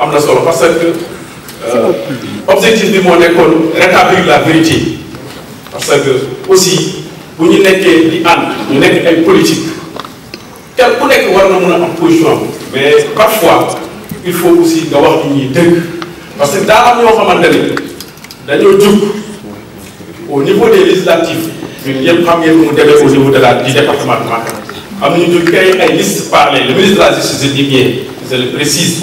am solo parce que euh, objectif bi moo nekkoon rétablir la vérité parce que aussi bu ñu nekkee di ànd ñu nekk ay politique quelqu'un ku nekk war na a position mais parfois il faut aussi nga wax nit ñi dëgg parce que dans la ñoo xamante ne dañoo au niveau des législatives le premier xam mu au niveau de la du département de Matam am nañu jug créé ay liste parler le ministre de la justice dit bien je le précise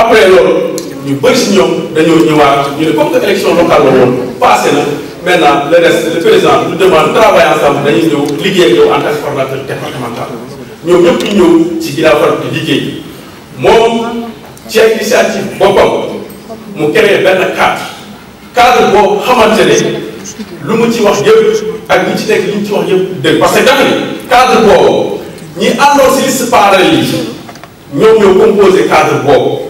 après loolu ñu bëri si ñoom dañoo ñëwaat ñu ne comme que élection locale la woon passé na maintenant le reste le président nous demande travailler ensemble dañuy ñëw liggéey ak yow en tant que formateur départemental ñoom ñëpp ñu ñëw ci Djila Fall di liggéey moom ci initiative boppam mu créé benn cadre cadre boo xamante ne lu mu ci wax yëpp ak ñi ci nekk lu mu ci wax yëpp dëgg parce que dafa ni cadre boobu ñi àndoon si liste parallèle yi ñoom ñoo composé cadre boobu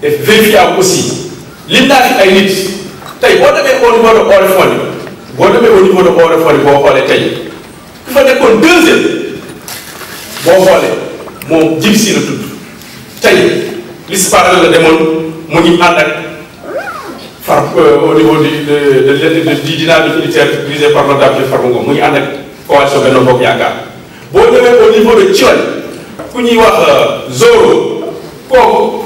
def vérifiable aussi lim naa fi ay nit tey boo demee au niveau de Oréfondé boo demee au niveau de Oréfondé boo xoolee tey ku fa nekkoon deuxième boo xoolee moom jib si la tudd tey liste parallèle la demoon mu ngi ànd ak far euh, au niveau du de de du dynamique unitaire dirigé par le député Farba Ngom mu ngi ànd ak coalition Benno Bokk Yaakaar boo demee au niveau de Thion ku ñuy wax euh, Zoro kooku.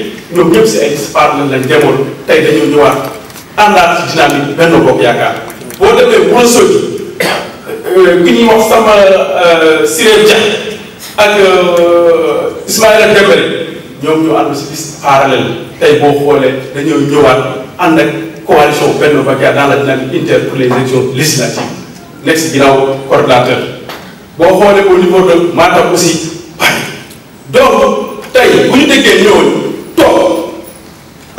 ñoom ñëpp si ay part lañ demoon tey dañoo ñëwaat àndaat ci dynamique benn bokk yaakaar boo demee bu la sotti ki ñuy wax sama euh, Siré Dia ak euh, Ismaïla Dembélé ñoom ñu ànd si bis parallèle tey boo xoolee dañoo ñëwaat ànd ak coalition benn bokk yaakaar dans la dynamique inter pour les élections législatives nekk si ginnaaw coordinateur boo xoolee au niveau de Matam aussi donc tey bu ñu déggee ñëwoon.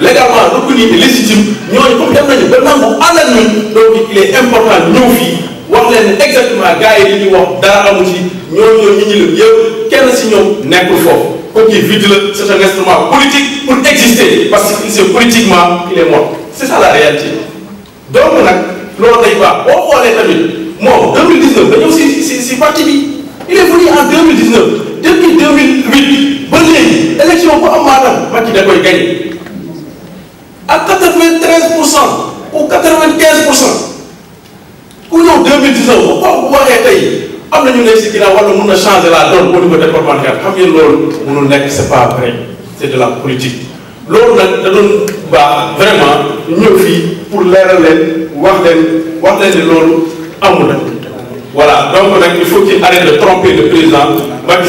légalement reconnu et légitime Nous, comme dit nañu nous nangu ànd ak donc il est important nous nous wax exactement gars yi li ñuy wax dans amu ci Nous, ñoom ñu ñu leen yëpp kenn si ñoom nekkul foofu vide la un instrument politique pour exister parce que c'est politiquement il est mort C'est ça la réalité donc nag loolu day baax boo l'état, tamit 2019 c'est si si parti il est venu en 2019 depuis 2008 ba pas élection bu un mandat Macky da koy gagné à 93% ou 95% Ou en 2019 ba bu waxee tey am na ñu nekk si ginnaaw wala changer la donne au niveau départemental xam ngeen nous mënul ce c'est pas vrai c'est de la politique. Nous, nag vraiment ñëw vie pour l'air de wax leen wax leen à mon amul voilà donc il faut qu'il arrête de tromper le président Macky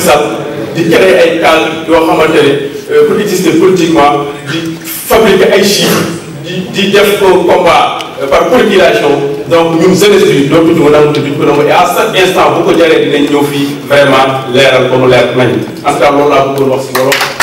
di créer ay cadre yoo xamante ne pour euh, exister politiquement di fabriquer ay chiffres di di def o combat euh, par politisation donc ñun jeunesse bi dootuñu ko nangu duñ ko nangu et à chaque instant bu ko jaree dinañ ñëw fii vraiment leeral ba mu leer nañ en tout cas loolu laa bëggoon wax si loolu.